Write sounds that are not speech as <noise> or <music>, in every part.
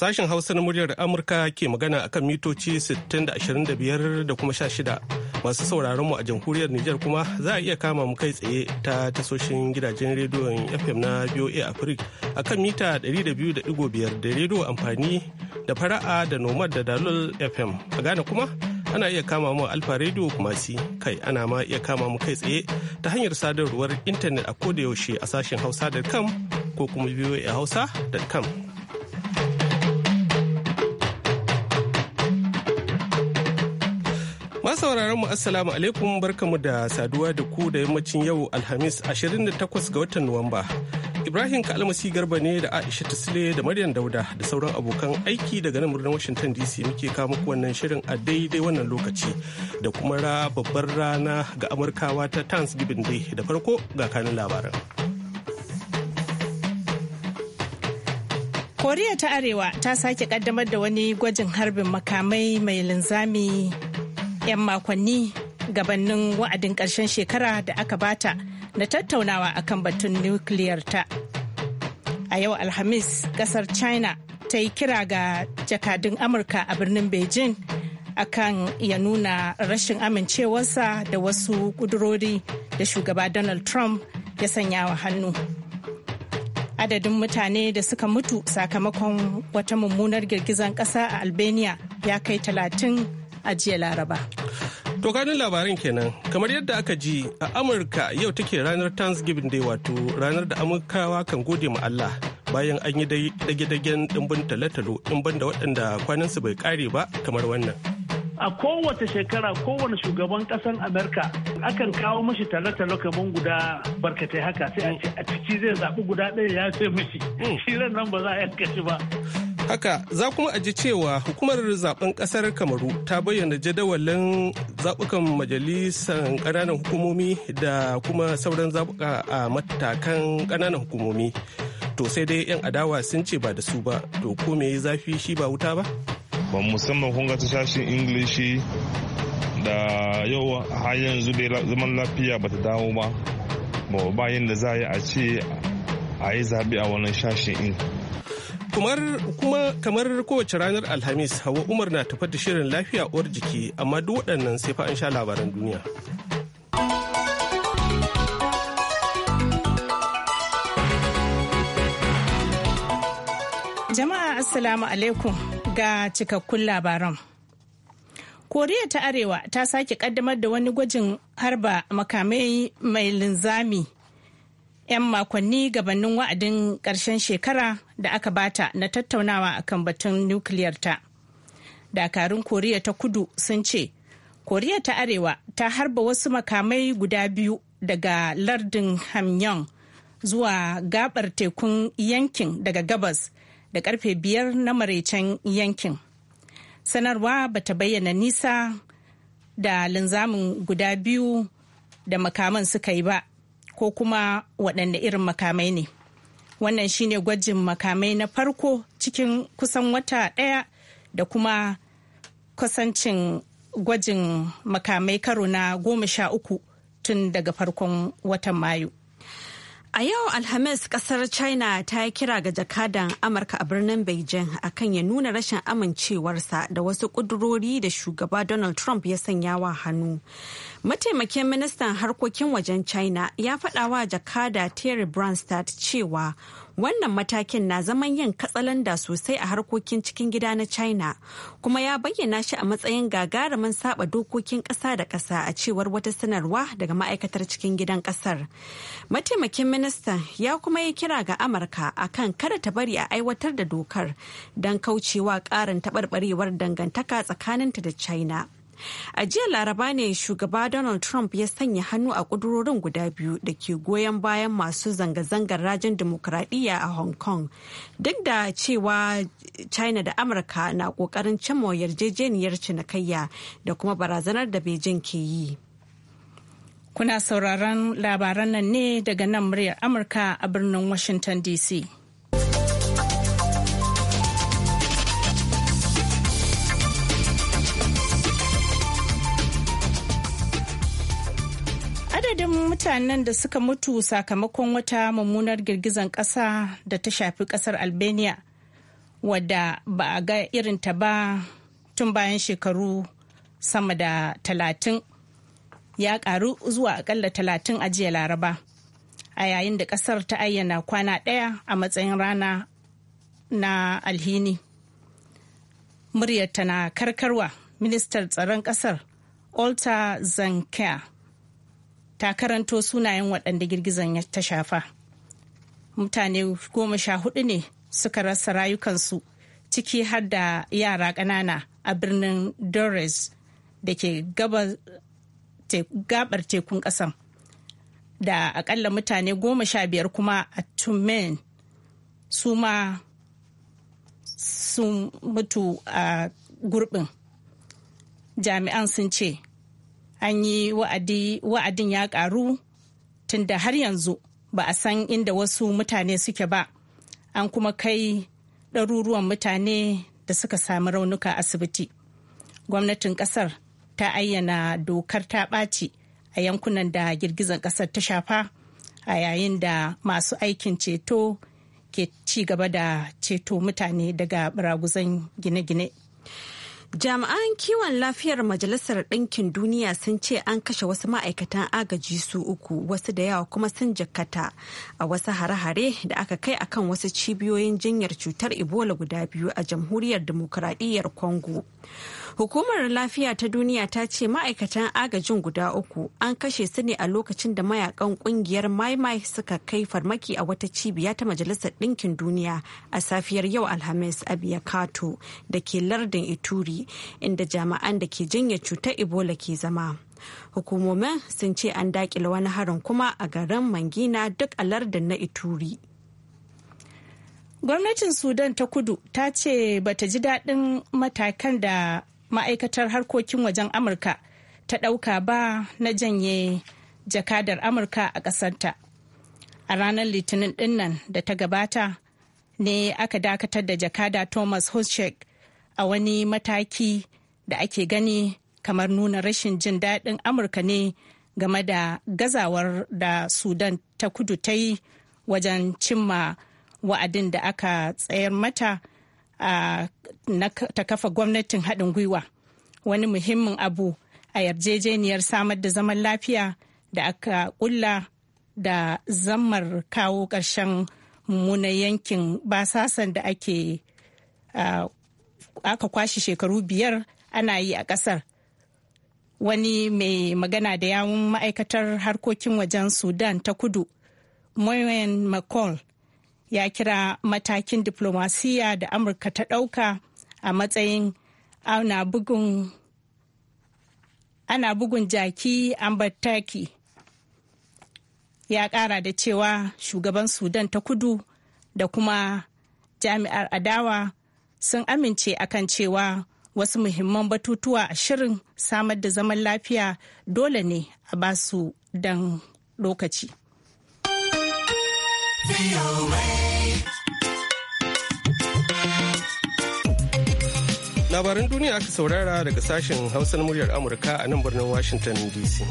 Sashen Hausa na muryar Amurka ke magana akan mitoci 6025 da kuma 16. Masu sauraron mu a jamhuriyar Nijar kuma za a iya kama mu kai tsaye ta tasoshin gidajen rediyon FM na BOA Africa akan mita 200.5 da rediyo amfani da fara'a da nomad da dalol FM. A Ghana kuma ana iya kama mu alfa rediyo kuma si kai ana ma iya kama mu kai tsaye ta hanyar sadarwar intanet a kodayaushe a sashen hausa.com ko kuma hausa.com. sauraron mu assalamu alaikum barkamu da saduwa da ku da yammacin yau alhamis 28 ga watan nuwamba ibrahim kalmasi garba ne da aisha tisle da maryam dauda da sauran abokan aiki daga nan birnin washington dc muke kawo muku wannan shirin a daidai wannan lokaci da kuma ra babbar rana ga amurkawa ta thanksgiving day da farko ga kanin labaran koriya ta arewa ta sake kaddamar da wani gwajin harbin makamai mai linzami 'yan makonni gabanin wa'adin ƙarshen shekara da aka bata na tattaunawa akan batun nukiliyar ta. A yau Alhamis, ƙasar China ta yi kira ga jakadun Amurka a birnin Beijing akan ya nuna rashin amincewarsa da wasu ƙudurori da shugaba Donald Trump ya sanya wa hannu. Adadin mutane da suka mutu sakamakon wata mummunar girgizan ƙasa a Albania ya kai talatin. a jiya Laraba. To kanin labarin kenan kamar yadda aka ji a Amurka yau take ranar Thanksgiving Day wato ranar da Amurkawa kan gode ma Allah bayan an yi dage-dagen dimbin talotalo in banda waɗanda kwanansu bai kare ba kamar wannan. a kowace shekara kowane shugaban kasan amerika akan kawo mashi talo kamar guda barkatai haka sai a a ciki zai zaɓi guda ɗaya ya ce mashi hmm. shi nan ba za a yanka shi ba haka za kuma aji cewa hukumar zaben kasar kamaru ta bayyana jadawalin zabukan majalisar ƙananan hukumomi da kuma sauran zaɓuka a matakan ƙananan hukumomi to sai dai 'yan adawa sun ce ba da su ba to ko me zafi shi ba wuta ba ban musamman kun ta sashen ingilishi da yau har yanzu dai zaman lafiya bata dawo ba ba bayan da za a ce a yi zaɓe a wannan shashin in kuma kamar kowace ranar alhamis hawa umar na tafar da shirin lafiya uwar jiki amma duk waɗannan sai fa an sha labaran duniya jama'a assalamu alaikum ga cikakkun labaran koriya ta arewa ta sake kaddamar da wani gwajin harba makamai mai linzami 'yan makonni gabanin wa'adin ƙarshen shekara da aka bata na tattaunawa a kan batun nukiliyar ta Dakarun Koriya ta kudu sun ce, Koriya ta Arewa ta harba wasu makamai guda biyu daga lardin Hamyong zuwa gabar tekun yankin daga gabas da karfe biyar na maraicen yankin. Sanarwa ba ta bayyana nisa da linzamin guda biyu da makaman suka yi ba ko kuma waɗanne irin makamai ne wannan shine gwajin makamai na farko cikin kusan wata ɗaya da kuma kusancin gwajin makamai karo na goma sha uku tun daga farkon watan mayu A yau Alhamis kasar China ta yi kira ga jakadan Amurka a birnin Beijing akan ya nuna rashin amincewarsa da wasu ƙudurori da shugaba Donald Trump ya sanya wa hannu. Mataimakin ministan harkokin wajen China ya faɗa wa jakada Terry Branstad cewa Wannan matakin na zaman yin katsalanda sosai a harkokin cikin gida na China, kuma ya bayyana shi a matsayin gagarumin saba dokokin kasa da kasa a cewar wata sanarwa daga ma'aikatar cikin gidan ƙasar. Mataimakin ministan ya kuma yi kira ga Amurka a kan kada ta bari a aiwatar da dokar don kaucewa ƙarin taɓarɓarewar dangantaka tsakaninta da China. A jiya laraba ne shugaba Donald Trump ya sanya hannu a kudurorin guda biyu da ke goyon bayan masu zanga-zangar rajin demokuraɗiyya a Hong Kong. Duk da cewa China da Amurka na ƙoƙarin cimma yarjejeniyar cinikayya da kuma barazanar da Beijing ke yi. Kuna sauraron labaran nan ne daga nan muryar Amurka a birnin Washington DC. mutanen da suka mutu sakamakon wata mummunar girgizan ƙasa da ta shafi ƙasar albania wadda ba a ga irin ta ba tun bayan shekaru sama da talatin ya karu zuwa aƙalla talatin a jiya laraba a yayin da kasar ta ayyana kwana ɗaya a matsayin rana na alhini muryarta na karkarwa ministan tsaron kasar olta zankea ta karanto sunayen waɗanda girgizan ta shafa mutane goma sha hudu ne suka rasa rayukansu ciki har da yara ƙanana a birnin dores da ke gabar tekun ƙasan da akalla mutane goma sha biyar kuma a tumen su ma sun mutu a gurbin jami'an sun ce an yi wa'adin ya karu da har yanzu ba a san inda wasu mutane suke ba an kuma kai ɗaruruwan mutane da suka sami raunuka asibiti gwamnatin ƙasar ta ayyana dokar ta ɓaci a yankunan da girgizar ƙasar ta shafa a yayin da masu aikin ceto ke ci gaba da ceto mutane daga baraguzan gine-gine Jami'an kiwon lafiyar Majalisar Ɗinkin Duniya sun ce an kashe wasu ma'aikatan agaji su uku wasu da yawa kuma sun jikkata a wasu hare-hare da aka kai akan wasu cibiyoyin jinyar cutar Ebola guda biyu a Jamhuriyar Dimokuraɗiyyar Congo. Hukumar Lafiya ta Duniya ta ce ma'aikatan agajin guda uku an kashe su ne a lokacin da mayakan kungiyar Maimai suka kai farmaki a wata cibiya ta Majalisar Ɗinkin Duniya a safiyar yau Alhamis a Biyakato da ke lardin Ituri inda jami'an da ke jinya cutar ebola ke zama hukumomin sun ce an dakila wani harin kuma a garin mangina duk a lardin na ituri gwamnatin sudan ta kudu ta ce bata ji daɗin matakan da ma'aikatar harkokin wajen amurka ta ɗauka ba na janye jakadar amurka a ƙasarta a ranar litinin dinnan da ta gabata ne aka dakatar da jakada thomas hushek a wani mataki da ake gani kamar nuna rashin jin daɗin amurka ne game da gazawar da sudan ta kudu ta yi wajen cimma wa'adin da aka tsayar mata ta kafa gwamnatin haɗin gwiwa wani muhimmin abu a yarjejeniyar samar da zaman lafiya da aka ƙulla da zammar kawo ƙarshen mummunan yankin basasan da ake aka kwashe shekaru biyar ana yi a ƙasar wani mai magana da yawun ma'aikatar harkokin wajen sudan ta kudu moyen mccall ya kira matakin diplomasiya da amurka ta ɗauka a matsayin ana bugun ana bugun jaki ambataki ya ƙara da cewa shugaban sudan ta kudu da kuma jami'ar adawa sun amince akan cewa wasu muhimman batutuwa a shirin samar da zaman lafiya dole ne a ba su don lokaci. Labaran duniya aka saurara daga sashen Hausa muryar Amurka a nan birnin Washington DC.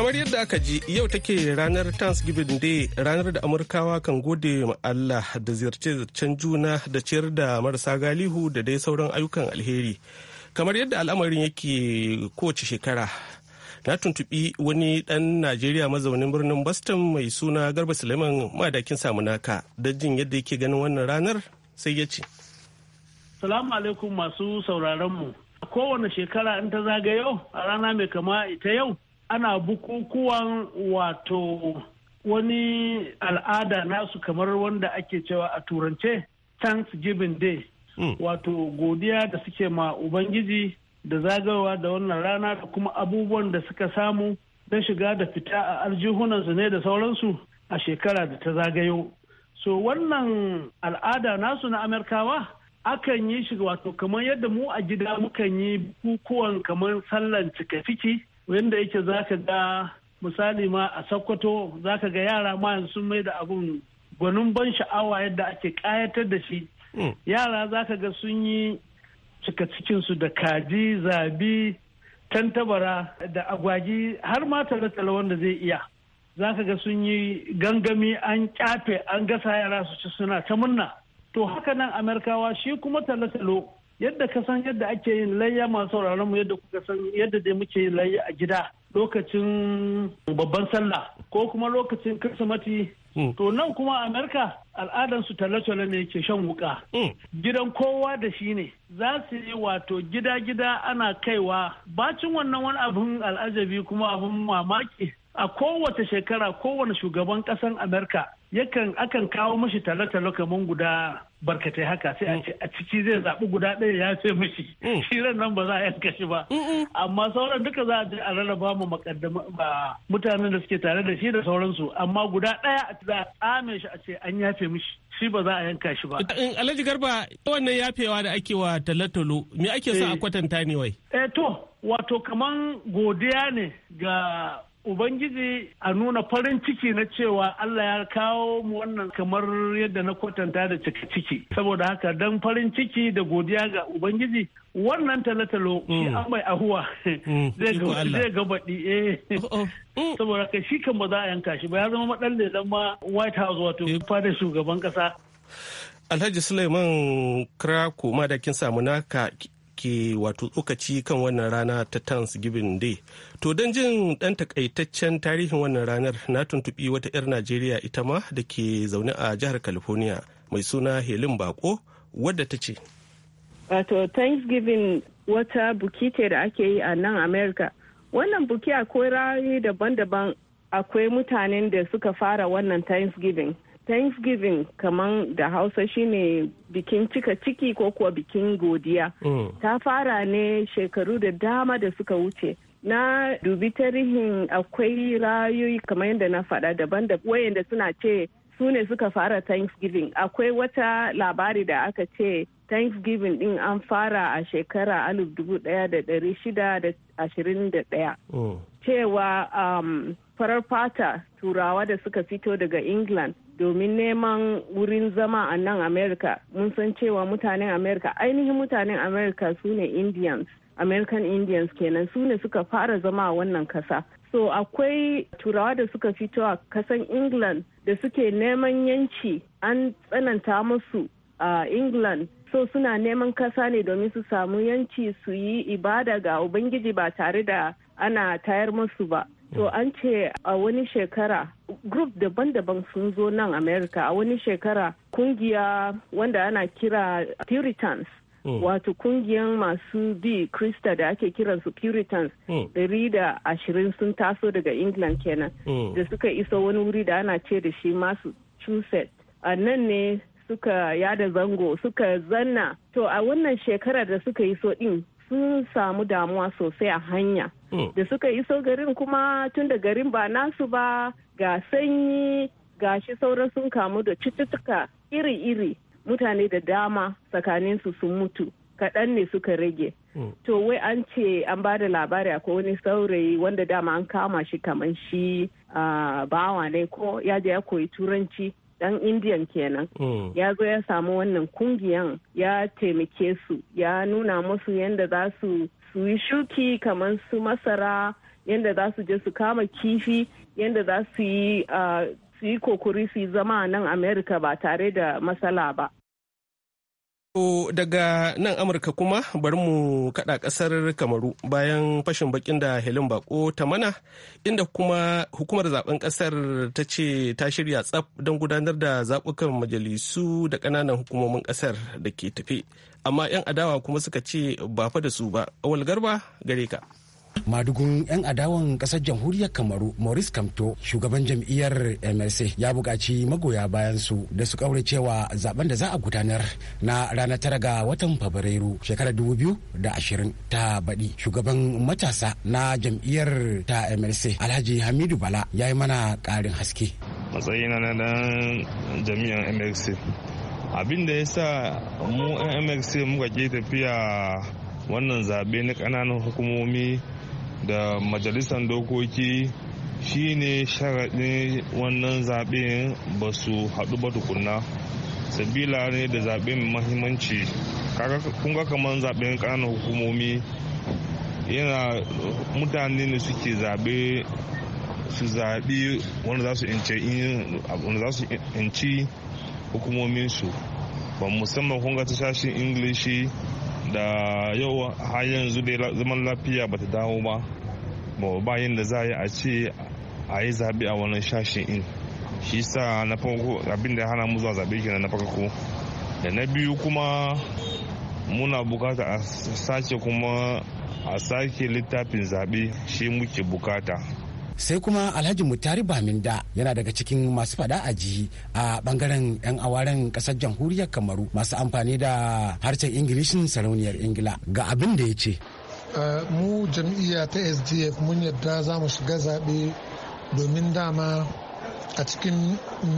kamar yadda aka ji yau take ranar thanksgiving day ranar da amurkawa kan gode ma allah da ziyarce zircen juna da ciyar da marasa galihu da dai sauran ayyukan alheri kamar yadda al'amarin yake kowace shekara na tuntubi wani ɗan najeriya mazaunin birnin boston mai suna garba suleiman madakin samunaka don jin yadda yake ganin wannan ranar sai ya ce salamu alaikum masu sauraron mu kowane shekara in ta zagayo a rana mai kama ita yau ana bukukuwan wato wani al'ada nasu kamar wanda ake cewa a turance thanksgiving day hmm. wato godiya da suke ma ubangiji da zagawa da wannan rana da kuma abubuwan da suka samu na shiga da fita a aljihunansu ne da sauransu a shekara da ta zagayo so wannan al'ada nasu na amerikawa akan yi shiga wato kamar yadda mu a gida mukan yi bukukuwan kamar sallan cikafiki wanda yake za ka ga misali ma a Sokoto za ka ga yara ma sun mai da abun gwanin ban sha'awa yadda ake kayatar da shi. Hmm. Yara za ka ga sun yi cika cikinsu da kaji, zabi, tantabara da agwagi har ma tare wanda zai iya. Za ka ga sun yi gangami an kyafe an gasa yara su ci suna ta murna. To haka nan Amerikawa shi kuma talo-talo yadda ka san yadda ake yin layya masu sauraron mu yadda kuka san yadda dai muke yin layya a gida lokacin babban sallah ko kuma lokacin kirsimati hmm. to nan kuma amerika al'adar su talle ne ke shan wuka hmm. gidan kowa da shi ne za su yi wato gida-gida ana kaiwa bacin wannan wani abin al'ajabi kuma abin mamaki a kowace shekara kowane shugaban ƙasan amerika yakan akan kawo mashi talo-talo kamar guda barkatai haka sai a mm. ce a ciki zai zaɓi guda ɗaya ya ce mishi mm. <laughs> shi nan ba za a yanka shi ba amma sauran duka za a je a rarraba mu mutanen da suke tare da shi da sauransu amma guda ɗaya za a tsame shi a ce an yafe mishi shi ba za a yanka shi ba. Eh, Alhaji Garba wannan yafewa da ake wa talatalo me ake sa a eh. kwatanta ne wai? Eh to wato kaman godiya ne ga Ubangiji a nuna farin ciki na cewa Allah ya kawo mu wannan kamar yadda na kwatanta da cika ciki. Saboda haka don farin ciki da godiya ga Ubangiji wannan talatalo shi mm. an mai ahuwa mm. <laughs> zai ga baɗi eh. oh, oh. Mm. Saboda haka shi kan ba za a yanka shi ba ya zama maɗalle lelan ma White House wato fadar shugaban ƙasa. Alhaji Suleiman Krako ma da kin samu naka ke wato tsokaci kan wannan rana ta Thanksgiving Day. To don jin ɗan takaitaccen tarihin wannan ranar na tuntuɓi wata 'yar Najeriya ita ma da ke zaune a jihar California mai suna Helin Bako wadda ta ce. Wato Thanksgiving wata buki ce da ake yi a nan America. Wannan buki akwai rayu daban-daban akwai mutanen da suka fara wannan Thanksgiving. thanksgiving kaman da hausa shine bikin cika ciki ko kuwa bikin godiya mm. ta fara ne shekaru da dama da suka wuce na dubi tarihin akwai rayoyi kamar yadda na faɗa daban da wayanda suna ce su ne suka fara thanksgiving akwai wata labari da aka ce thanksgiving din an fara a shekara 1621 mm. cewa um, farar fata turawa da suka fito daga england domin neman wurin zama a nan america mun san cewa mutanen america ainihin mutanen america su ne indians american indians kenan su ne suka fara zama a wannan kasa so akwai turawa da suka fito a kasan england da suke neman yanci an tsananta musu a uh, england so suna neman kasa ne domin su samu yanci su yi ibada ga ubangiji ba tare da ana tayar musu ba to mm. an ce a wani shekara group daban-daban sun zo nan america a wani shekara kungiya wanda ana kira puritans mm. wato kungiyan masu bi krista da ake kiransu puritans mm. ɗari da ashirin sun taso daga england kenan da suka iso wani wuri da ana ce da shi masu chuset a nan ne suka yada zango suka zanna to a wannan shekarar da suka iso din sun samu damuwa sosai a hanya Oh. da suka iso garin kuma tun da garin ba nasu ba ga sanyi gashi sauran sun kamu da cututtuka iri-iri mutane da dama tsakaninsu sun mutu kaɗan ne suka rage oh. to wai an ce an ba da labari akwai wani saurayi wanda dama an kama shi kamar shi bawa ne ko ya ya koyi turanci dan indiyan kenan oh. ya zo ya samu wannan kungiyan ya taimake su ya nuna musu yadda za su su yi shuki kamar su masara yadda za su je su kama kifi yadda za su yi ah, kokuri su yi zama a nan america ba tare da matsala ba To daga nan Amurka kuma bari mu kada kasar Kamaru bayan fashin bakin da Helen Bako ta mana inda kuma hukumar zaben kasar ta ce ta shirya tsaf don gudanar da zaɓukan majalisu da ƙananan hukumomin kasar da ke tafe. Amma 'yan adawa kuma suka ce ba fa da su ba. Awal garba gare ka. madugun 'yan adawan kasar jamhuriyar kamaru maurice kamto shugaban jam'iyyar mrc ya buƙaci magoya bayan su da su kaure cewa zaben da za a gudanar na ranar tara ga watan fabrairu shekarar biyu da ashirin ta baɗi shugaban matasa na jam'iyyar ta mrc alhaji hamidu bala ya yi mana ƙarin haske matsayina na dan jami'an mrc abin da ya sa mu mrc muka ke tafiya wannan zaɓe na ƙananan hukumomi da majalisar dokoki shine sharaɗin wannan zaɓen ba su haɗu ba tukunna sabila ne da zaɓe mai mahimmanci kun ga kamar zaɓen ƙananan hukumomi yana mutane ne suke zaɓe su zaɓi wanda za su inci hukumominsu ba musamman kun ga ta shashin ingilishi da yau har yanzu dai zaman lafiya bata dawo ba bayan da za a ce a yi zaɓe a wannan shashin in shi sa na farko abin da hana mu zuwa zaɓe shi na farko da na biyu kuma muna bukata a sace kuma a sake littafin zaɓe shi muke bukata sai kuma alhaji mutari baminda yana daga cikin masu fada jihi a bangaren yan awaren kasar jamhuriyar kamaru masu amfani da harshen ingilishin sarauniyar ingila ga abin da ya ce eh, mu jam'iyya ta sdf mun yadda za mu shiga zaɓe domin dama a cikin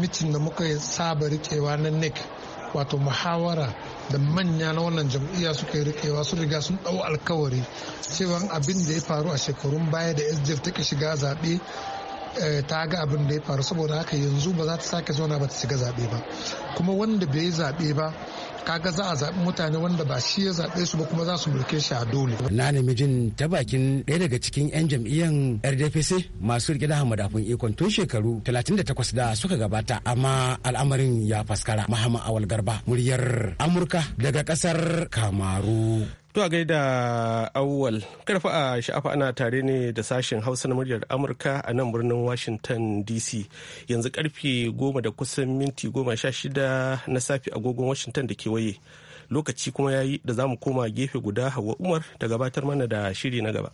mitin da muka saba rikewa na nec wato muhawara da manya na wannan jam'iyya suka yi rikewa sun riga sun dau alkawari cewa abin da ya faru a shekarun baya da sdf take shiga zaɓe eh, ta ga abin da ya faru saboda haka yanzu ba za ta sake zauna ba ta shiga zaɓe ba kuma wanda bai yi zaɓe ba kaga za a zaɓi mutane wanda ba shi ya zaɓe su ba kuma za su mulke shi a dole. na namijin ta bakin ɗaya daga cikin 'yan jam'iyyan rdpc masu rike da hamadafin ikon tun shekaru 38 da suka gabata amma al'amarin ya faskara mahama awal garba muryar amurka daga ƙasar kamaru. To a gaida awwal karfa a sha'afa ana tare ne da sashen hausa na muryar amurka a nan birnin washington dc yanzu karfe goma da kusan minti goma sha shida na safe agogon washington da kewaye lokaci kuma ya yi da za mu koma gefe guda hawa umar da gabatar mana da shiri na gaba.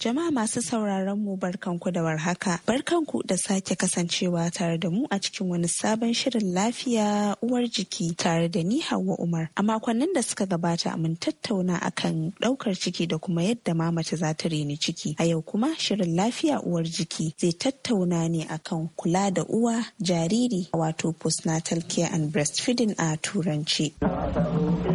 Jama'a masu sauraron mu barkanku da warhaka. Barkanku da sake kasancewa tare da mu a cikin wani sabon shirin lafiya uwar jiki tare da ni Hauwa Umar. A makonnin da suka gabata mun tattauna akan ɗaukar ciki da kuma yadda ma mace za ta reni ciki. A yau kuma shirin lafiya uwar jiki zai tattauna ne akan kula da uwa jariri wato postnatal care and breastfeeding a turanci.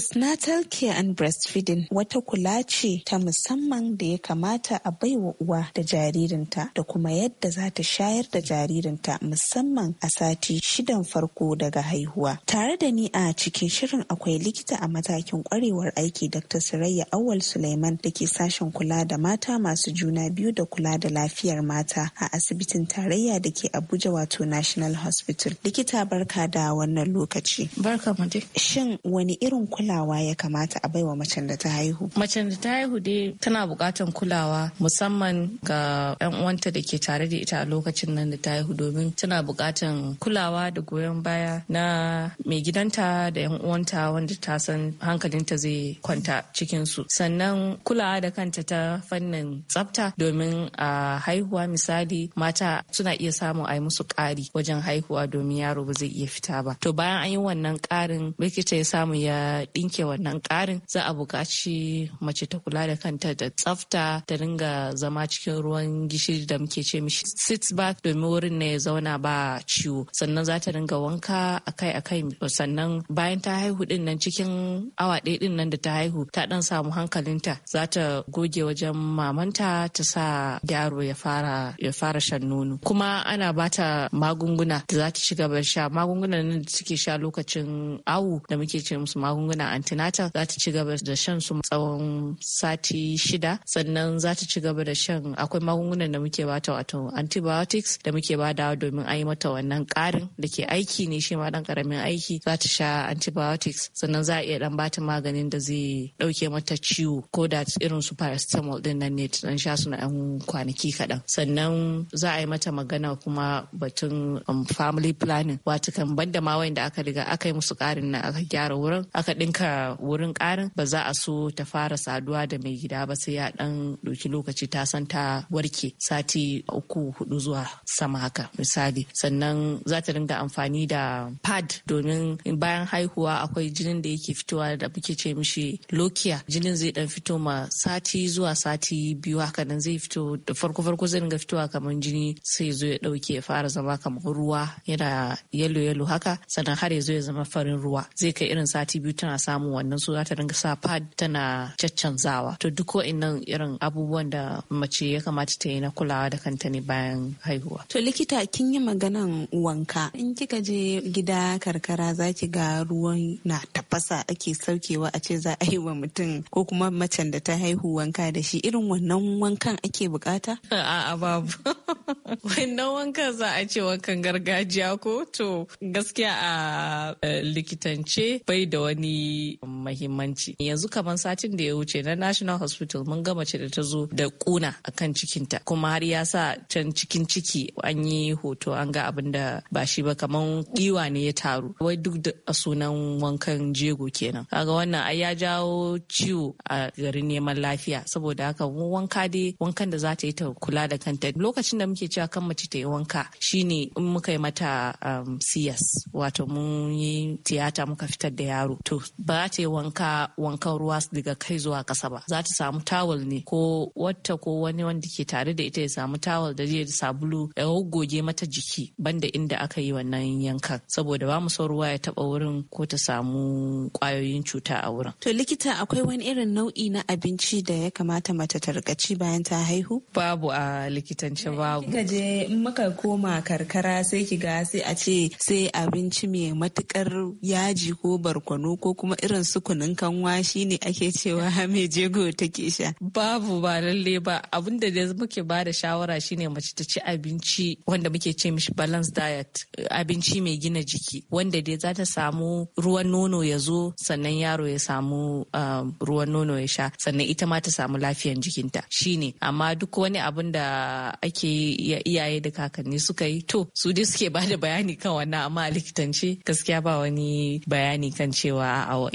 Postnatal care and breastfeeding wata kula ce ta musamman da ya kamata a baiwa uwa da jaririnta da kuma yadda za ta shayar da jaririnta musamman a sati shidan farko daga haihuwa. Tare da ni a cikin shirin akwai likita a matakin kwarewar aiki Dr. Sirayya Awal Suleiman da ke sashen kula da mata masu juna biyu da kula da lafiyar mata a asibitin tarayya da ke Abuja wato National Hospital. Likita barka da wannan lokaci. Barka Shin wani irin kula kulawa ya kamata a baiwa macen da ta haihu? Macen da ta haihu dai tana buƙatar kulawa musamman ga 'yan uwanta da ke tare da ita a lokacin nan da ta haihu domin tana bukatan kulawa da goyon baya na mai gidanta da 'yan uwanta wanda ta san hankalinta zai kwanta cikin su. Sannan kulawa da kanta ta fannin tsafta domin a haihuwa misali mata suna iya samun a yi musu ƙari wajen haihuwa domin yaro ba zai iya fita ba. To bayan an yi wannan ƙarin likita ya samu ya ɗinke wannan ƙarin za a buƙaci mace ta kula da kanta da tsafta ta ringa zama cikin ruwan gishiri da muke ce mishi sits bath domin wurin ne ya zauna ba ciwo sannan za ta ringa wanka akai-akai sannan bayan ta haihu din nan cikin awa ɗaya din nan da ta haihu ta ɗan samu hankalinta za ta goge wajen mamanta ta sa yaro ya fara ya fara shan nono kuma ana bata magunguna da za ta ci gaba sha magungunan nan da suke sha lokacin awu da muke ce musu magunguna magana antenatal za ta ci gaba da shan su tsawon sati shida sannan za ta ci gaba da shan akwai magungunan da muke bata wato antibiotics da muke ba da domin a yi mata wannan karin da ke aiki ne shi ma dan karamin aiki za ta sha antibiotics sannan za a iya dan bata maganin da zai dauke mata ciwo ko da irin su paracetamol din nan ne ta dan sha su na yan kwanaki kaɗan sannan za a yi mata magana kuma batun um, family planning wata kan banda ma wanda aka riga aka yi musu karin nan aka gyara wurin aka ɗinka wurin ƙarin ba za a so ta fara saduwa da mai gida ba sai ya ɗan ɗauki lokaci ta san ta warke sati uku hudu zuwa sama haka misali sannan za ta dinga amfani da pad domin bayan haihuwa akwai jinin da yake fitowa da muke ce mishi lokiya jinin zai dan fito ma sati zuwa sati biyu haka nan zai fito da farko farko zai dinga fitowa kamar jini sai zo ya dauke ya fara zama kamar ruwa yana yalo yalo haka sannan har ya zo ya zama farin ruwa zai kai irin sati biyu tana samun wannan su za ta dinga sa pad tana caccanzawa to duk wa'annan irin abubuwan da mace ya kamata ta yi na kulawa da kanta ne bayan haihuwa to likita kin yi maganan wanka in kika je gida karkara za ki ga ruwan na tafasa ake saukewa a ce za a yi wa mutum ko kuma macen da ta haihu wanka da shi irin wannan wankan ake bukata <laughs> a'a babu <laughs> wannan wankan za a ce wankan gargajiya ko to gaskiya a eh, likitance bai da wani mahimmanci yanzu kamar satin da ya wuce na national hospital mun ga mace da ta zo da kuna kan cikinta kuma har ya sa can cikin ciki an yi hoto an ga abin da ba shi ba kamar giwa ne ya taru wai duk da a sunan wankan jego kenan kaga wannan ai ya jawo ciwo a garin neman lafiya saboda haka wanka dai wankan da za ta yi ta kula da kanta lokacin da muke cewa kan mace ta yi wanka shine in muka yi mata um, CS wato mun yi tiyata muka fitar da yaro to ba ta yi wanka wankan ruwa daga kai zuwa kasa ba za ta samu tawul ne ko wata ko wani wanda ke tare da ita ya samu tawul da zai sabulu ya goge mata jiki banda inda aka yi wannan yankan saboda ba mu son ruwa ya taba wurin ko ta samu kwayoyin cuta a wurin. To likita akwai wani irin nau'i na abinci da ya kamata mace ta rika ci bayan ta haihu? Babu a likitance babu. Kika je in muka koma karkara sai ki ga sai a ce sai abinci mai matukar yaji ko barkwano ko kuma kuma irin su kunun kanwa shine ake cewa <laughs> mai jego take sha babu ba lalle ba abin da muke ba da shawara shine mace ta ci abinci wanda muke ce mishi balance diet abinci mai gina jiki wanda dai za ta samu ruwan nono ya zo sannan yaro ya samu um, ruwan nono ya sha sannan ita ma ta samu lafiyan jikinta shine amma duk wani abin da ake iyaye da kakanni suka yi to su dai suke ba da bayani kan wannan amma a likitance gaskiya ba wani bayani kan cewa a wa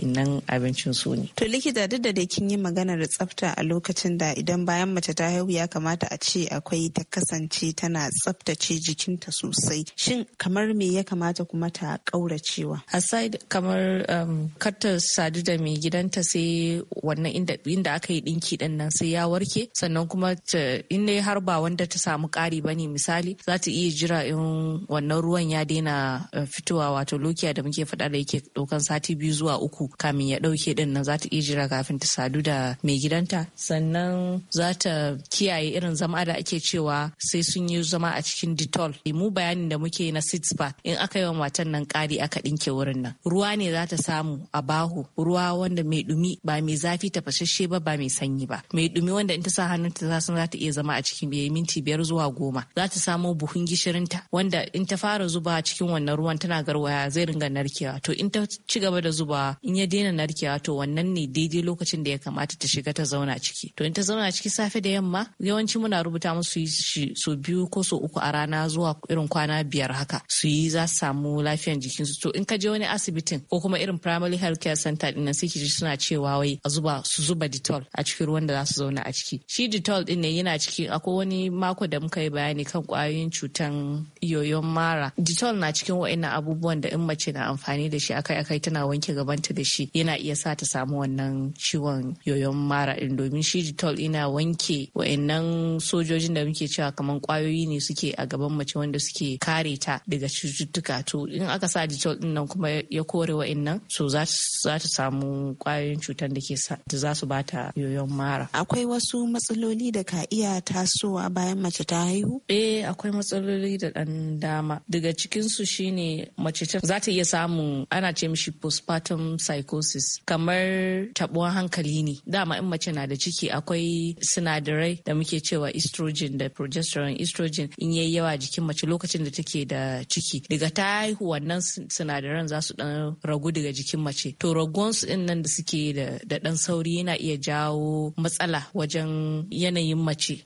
abincin su ne. To likita duk da dai kin yi magana da tsafta a lokacin da idan bayan mace ta haihu ya kamata a ce akwai ta kasance tana tsaftace jikinta sosai. Shin kamar me ya kamata kuma ta kauracewa? Aside kamar um, sadu da mai gidanta sai wannan inda, aka yi dinki din nan sai ya warke sannan kuma in dai har ba wanda ta samu ƙari ba ne misali za ta iya jira in wannan ruwan ya daina uh, fitowa wato lokiya da muke faɗa da yake ɗaukan sati biyu zuwa uku kamin ya ɗauke ɗin nan za iya jira kafin ta sadu da mai gidanta sannan za ta kiyaye irin zama da ake cewa sai sun yi zama a cikin detol mu bayanin da muke na sit spa in aka yi wa matan nan ƙari aka ɗinke wurin nan ruwa ne za ta samu a baho ruwa wanda mai ɗumi ba mai zafi tafasasshe ba ba mai sanyi ba mai ɗumi wanda in ta sa hannunta za san za ta iya zama a cikin bai minti biyar zuwa goma za ta samo buhun gishirinta wanda in ta fara zuba cikin wannan ruwan tana garwaya zai ringa narkewa to in ta ci gaba da zubawa. in ya daina narkewa to wannan ne daidai lokacin da ya kamata ta shiga ta zauna ciki to in ta zauna ciki safe da yamma yawanci muna rubuta musu shi so biyu ko so uku a rana zuwa irin kwana biyar haka su yi za su samu lafiyan jikinsu to in ka je wani asibitin ko kuma irin primary health care center din nan sai suna cewa wai a zuba su zuba ditol a cikin ruwan da za su zauna a ciki shi ditol din ne yana ciki akwai wani mako da muka yi bayani kan kwayoyin cutan yoyon mara ditol na cikin wa'annan abubuwan da in mace na amfani da shi akai akai tana wanke gaban ta da shi yana iya sa ta samu wannan ciwon yoyon mara din domin shi jitol ina wanke wa'annan sojojin da muke cewa kamar kwayoyi ne suke a gaban mace wanda suke kare ta daga cututtuka to in aka sa jitol din nan kuma ya kore wa'annan so za ta samu kwayoyin cutar da ke da za su bata yoyon mara akwai wasu matsaloli da ka iya tasowa bayan mace ta haihu eh akwai matsaloli da dan dama daga cikin su shine mace za ta iya samun ana ce mishi postpartum psychosis kamar tabuwan hankali ne dama in mace na da ciki akwai sinadarai da muke cewa estrogen da progesterone estrogen in yayi yawa jikin mace lokacin da take da ciki daga ta haihu wannan sinadaran za su dan ragu daga jikin mace to raguwan su din nan da suke da dan sauri yana iya jawo matsala wajen yanayin mace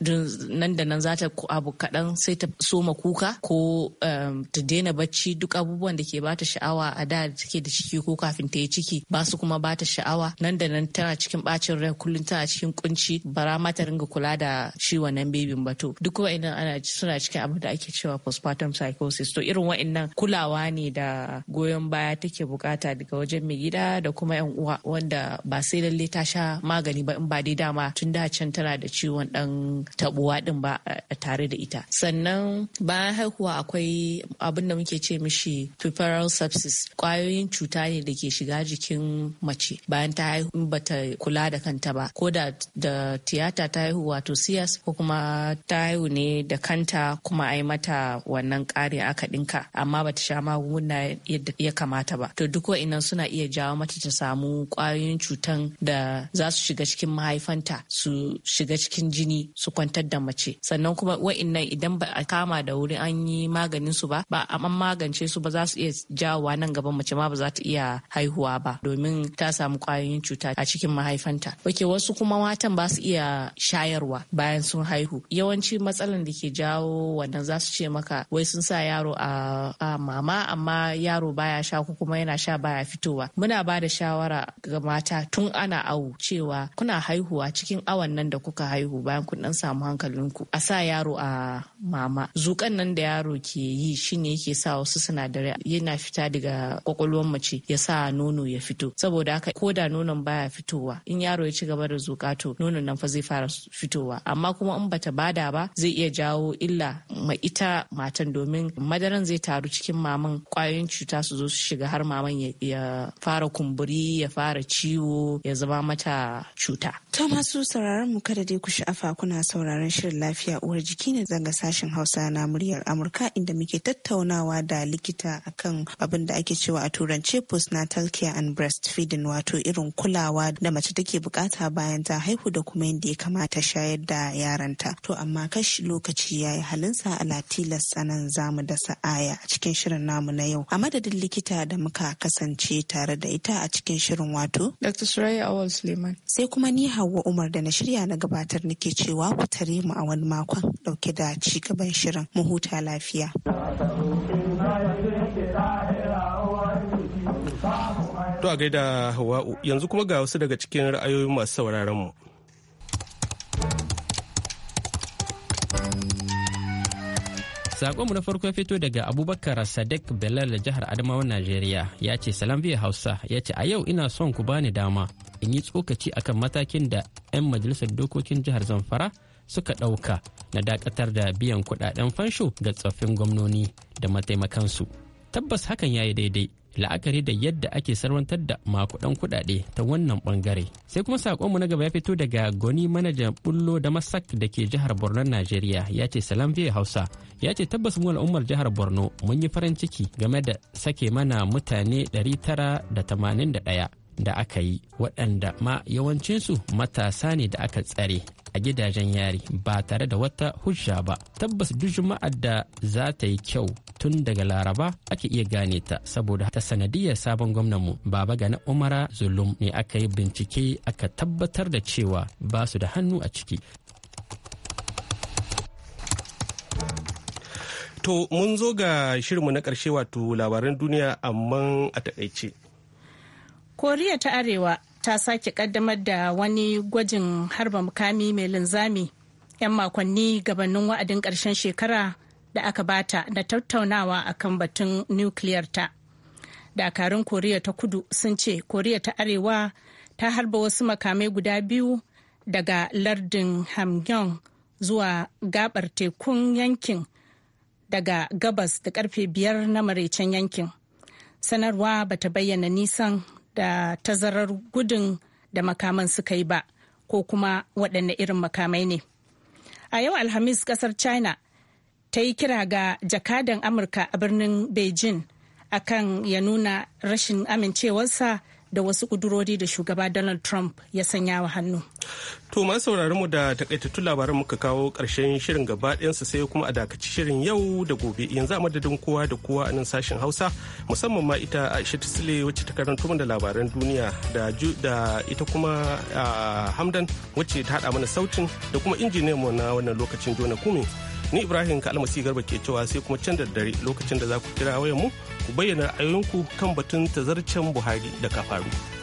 nan da nan za ta abu kaɗan sai ta soma kuka ko um, ta daina bacci duk abubuwan da ke bata sha'awa a da take da ciki ko kafin ta yi ciki ba su kuma bata sha'awa nan da nan tana cikin bacin rai kullum tana cikin kunci bara ma ta ringa kula da shi wannan bebin ba to duk wa'annan ana suna cikin abin da ake cewa postpartum psychosis to irin wa'annan kulawa ne da goyon baya take bukata daga wajen mai gida da kuma yan uwa wanda ba sai lalle ta sha magani ba in ba dai dama tun da can tana da ciwon dan tabuwa din ba tare da ita sannan bayan haihuwa akwai abin da muke ce mishi puerperal sepsis kwayoyin cuta ne da ke shiga jikin mace bayan ta haihu in bata kula da kanta ba ko da da tiyata ta haihu wato siyas ko kuma ta haihu ne da kanta kuma ai mata wannan kare aka ɗinka amma bata sha magunguna yadda ya kamata ba to duk wa'innan suna iya jawo mata ta samu kwayoyin cutan da za su shiga cikin mahaifanta su shiga cikin jini su kwantar da mace sannan kuma wa'innan idan ba a kama da wuri an yi maganin su ba ba a magance su ba za su iya jawowa nan gaban mace ma ba za ta iya haihuwa ba domin ta samu kwayoyin cuta a cikin mahaifanta wake wasu kuma matan ba su iya shayarwa bayan sun haihu yawanci matsalan da ke jawo wannan za su ce maka wai sun sa yaro a, a mama amma yaro baya sha ko kuma yana sha baya fitowa muna ba da shawara ga mata tun ana awu cewa kuna haihuwa cikin awan nan da kuka haihu bayan kun dan samu hankalinku a sa yaro a mama zukan nan da yaro ke yi shine yake sa wasu sinadarai yana fita daga kwakwalwar mace ya sa nono ya fito saboda haka koda da nonon baya fitowa in yaro ya ci gaba da zuƙa to nonon nan fa zai fara fitowa amma kuma in bata bada ba zai iya jawo illa ma ita matan domin madaran zai taru cikin maman kwayoyin cuta su zo su shiga har maman ya fara kumburi ya fara ciwo ya zama mata cuta. Ta masu sauraron mu kada dai ku sha'afa kuna sauraron shirin lafiya uwar jiki ne zanga sashen Hausa na muryar Amurka inda muke tattaunawa da likita akan abin da ake cewa a turance postnatal care and breastfeeding wato irin kulawa da mace take bukata bayan ta haihu da kuma yadda ya kamata shayar da yaranta to amma kashi lokaci ya yi halinsa ala tilas sanan, zamu da sa'aya a cikin shirin namu na yau a madadin likita da muka kasance tare da ita a cikin shirin wato dr suraya awal suleiman sai kuma ni hawa umar da na shirya na gabatar nake cewa ku tare mu a wani makon dauke da ci gaban shirin mu huta lafiya To a gaida Hawa'u yanzu kuma ga wasu daga cikin ra'ayoyin masu sauraron mu. mu na farko ya fito daga Abubakar Sadiq Bellal da jihar Adamawa Najeriya ya ce salam biya Hausa ya ce a yau ina son ku bani dama in yi tsokaci akan matakin da 'yan majalisar dokokin jihar Zamfara suka ɗauka na dakatar da biyan kuɗaɗen fansho ga tsoffin gwamnoni da mataimakansu. Tabbas hakan ya yi daidai la'akari da yadda ake sarwantar da makudan kudade ta wannan bangare sai kuma sakonmu na gaba ya fito daga goni manajan bullo da masak da ke jihar borno najeriya ya ce salam fiye hausa ya ce tabbas mu al'ummar jihar borno mun yi farin ciki game da sake mana mutane 981 da aka yi waɗanda ma yawancinsu matasa ne da aka tsare a gidajen yari ba tare da wata hujja ba tabbas duk juma'ar da za ta yi kyau tun daga laraba ake iya gane ta saboda ta sanadiyar sabon gwamnanmu baba gana umara zulum ne aka yi bincike aka tabbatar da cewa ba su da hannu a ciki To mun zo ga shirinmu na ƙarshe wato labaran duniya amma a takaice. Koriya ta Arewa ta sake kaddamar da wani gwajin harba mukami mai linzami 'yan makonni gabanin wa'adin ƙarshen shekara da aka bata da tattaunawa a kan batun nukiliyar ta dakarun koriya ta kudu sun ce koriya ta arewa ta harba wasu makamai guda biyu daga lardin hamgyong zuwa gabar tekun yankin daga gabas da karfe biyar na maraicen yankin sanarwa bata bayyana nisan da tazarar gudun da makaman suka yi ba ko kuma waɗanne irin makamai ne a yau alhamis ƙasar china ta yi kira ga jakadan amurka a birnin beijing akan ya nuna rashin amincewarsa da wasu kudurori da shugaba Donald Trump ya sanya wa hannu. To ma sauraron mu da takaitattun labaran muka kawo karshen shirin gaba ɗayansa sai kuma a dakaci shirin yau da gobe yanzu a madadin kowa da kowa a nan sashen Hausa musamman ma ita Aisha Tisle wacce ta karanto da labaran duniya da da ita kuma ah, Hamdan wacce ta haɗa mana sautin da kuma injiniyan mu na wannan lokacin Jona Kume. ni ibrahim kalmasi garba ke cewa sai kuma can da dare lokacin da za ku kira wayanmu ku bayyana ra'ayoyinku kan batun tazarcen buhari da kafaru.